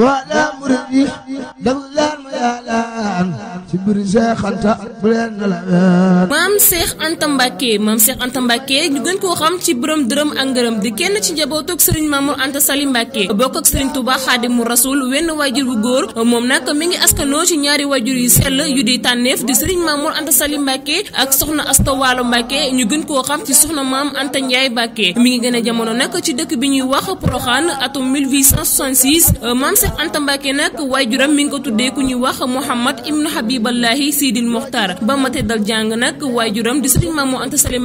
wala murid yi déglu leen ma yaalaan ci biir Seex Anta bu leen na la maam Seex Anta Mbàkke maam Seex Anta Mbàkke ñu gën koo xam ci borom dërëm ak ngërëm di kenn ci njabootug Serigne Mamour Anta Sali Mbàkke bokk ak Serigne Touba Xaadimu Rasul wenn waajur bu góor moom nag mi ngi askanoo ci ñaari waajur yu sell yu di tànneef di Serigne Mamour Anta Sali Mbàkke ak soxna Asta Waalo Mbàkke ñu gën koo xam ci soxna maam Anta Ndiaye Mbàkke mi ngi gën jamono nag ci dëkk bi ñuy wax Poroxaan atum 1866 Cheikh Anta Mbacke nag waajuram mi ngi ko tuddee ku ñuy wax Mouhamad Ibnu Habiballahi Sidil Mokhtar ba mate dal jàng nag waajuram di sëriñ Maam Anta Sali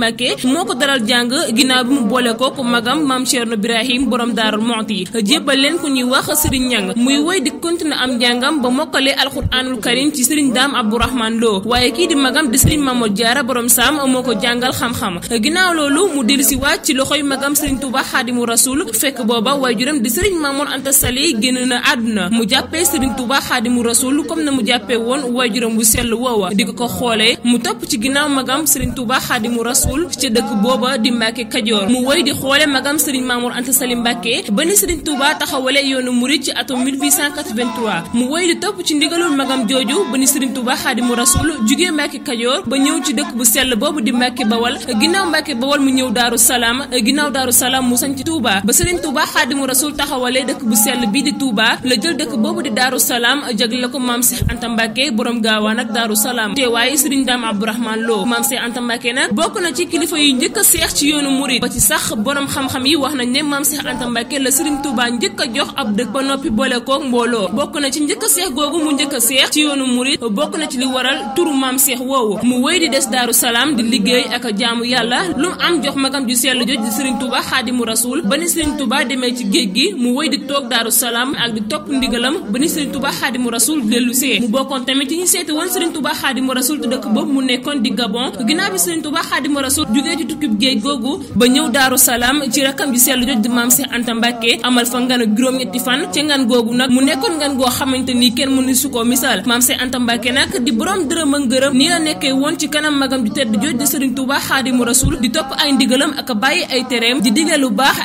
moo ko daral jàng ginnaaw bi mu boole ko ku magam maam Thierno Birahim borom Daarul Muxti jébbal leen ku ñuy wax sëriñ Ñang muy woy di continuer am jàngam ba mokkale al alxuraanul karim ci sëriñ Daam Abdourahman Lo waaye kii di magam di sëriñ Mamadou Diarra borom Saam moo ko jàngal xam-xam ginnaaw loolu mu dellusiwaat ci loxoy magam sëriñ Touba Xaadimu Rasul fekk booba waajuram di sëriñ Mamoon Anta Sali génn àdduna mu jàppee Serigne Touba Xaadimu Rasul comme na mu jàppee woon waajuram wu sell woowa di ko xoolee mu topp ci ginnaaw magam Serigne Touba Xaadimu Rasul ci dëkk booba di Mbàkke Kajoor mu woy di xoole magam Serigne Mamour Anta Sali Mbàkke ba ni Serigne Touba taxawale yoonu murit ci atum 1883 mu woy di topp ci ndigalul magam jooju ba ni Serigne Touba Xaadimu Rasul jugee Mbàkke Kajoor ba ñëw ci dëkk bu sell boobu di Mbàkke Bawal ginnaaw Mbàkke Bawal mu ñëw Daaru Salaam ginnaaw Daaru Salaam mu sañ ci Touba ba Serigne Touba Xaadimu Rasul taxawale dëkk bu sell bii di Touba la jël dëkk boobu di daaru salaam jagle ko maam Cheikh Anta Mbacke borom gaawaan ak daaru salaam teewaaye Serigne Dame Abdourahmane Lo maam Cheikh Anta Mbacke nag bokk na ci kilifa yu njëkk seex ci yoonu murid ba ci sax borom xam-xam yi wax na ne maam Cheikh Anta Mbacke la Serigne Touba njëkk a jox ab dëkk ba noppi boole koog mbooloo bokk na ci njëkk seex googu mu njëkk a seex ci yoonu murid bokk na ci li waral turu maam Cheikh woowu mu wéy di des daaru salaam di liggéey ak jaamu yàlla lu am jox magam ju sell joj di Serigne Touba Xaadimu Rasul ba ni Serigne Touba demee ci géej gi mu wéy di toog daaru salaam ak ak topp ndigalam ba ni Serigne Touba Xaadimu Rasul dellu see mu bokkoon tamit ci ñu seeti woon Serigne Touba Xaadimu Rasul te dëkk boobu mu nekkoon di Gabon ginnaaw bi Serigne Touba Xaadimu Rasul jugee ci tukkib géej googu ba ñëw Daaru Salaam ci rakam ji seetlu jot di maam Cheikh Anta amal fa nganu juróom-ñetti fan ca ngan googu nag mu nekkoon ngan goo xamante ni kenn mënu su ko misaal maam Cheikh Anta nag di borom dërëm ak ngërëm nii la nekkee di Serigne Touba Xaadimu di topp ay ndigalam ak bàyyi ay tereem di digle lu baax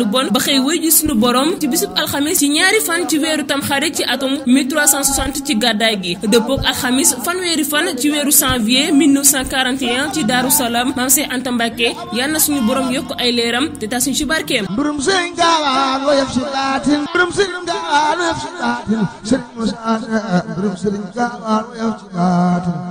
lu ba xëy wéy ji sunu borom ci bisub alxamis ci ñaari fan fan ci weeru tamxarit ci atum 1360 ci gàddaay gi dëppook alxamis fanweeri fan ci weeru janvier 1941 ci Daaru Salaam maam Seex suñu borom yokk ay leeram te tas ñu ci barkeem mbirum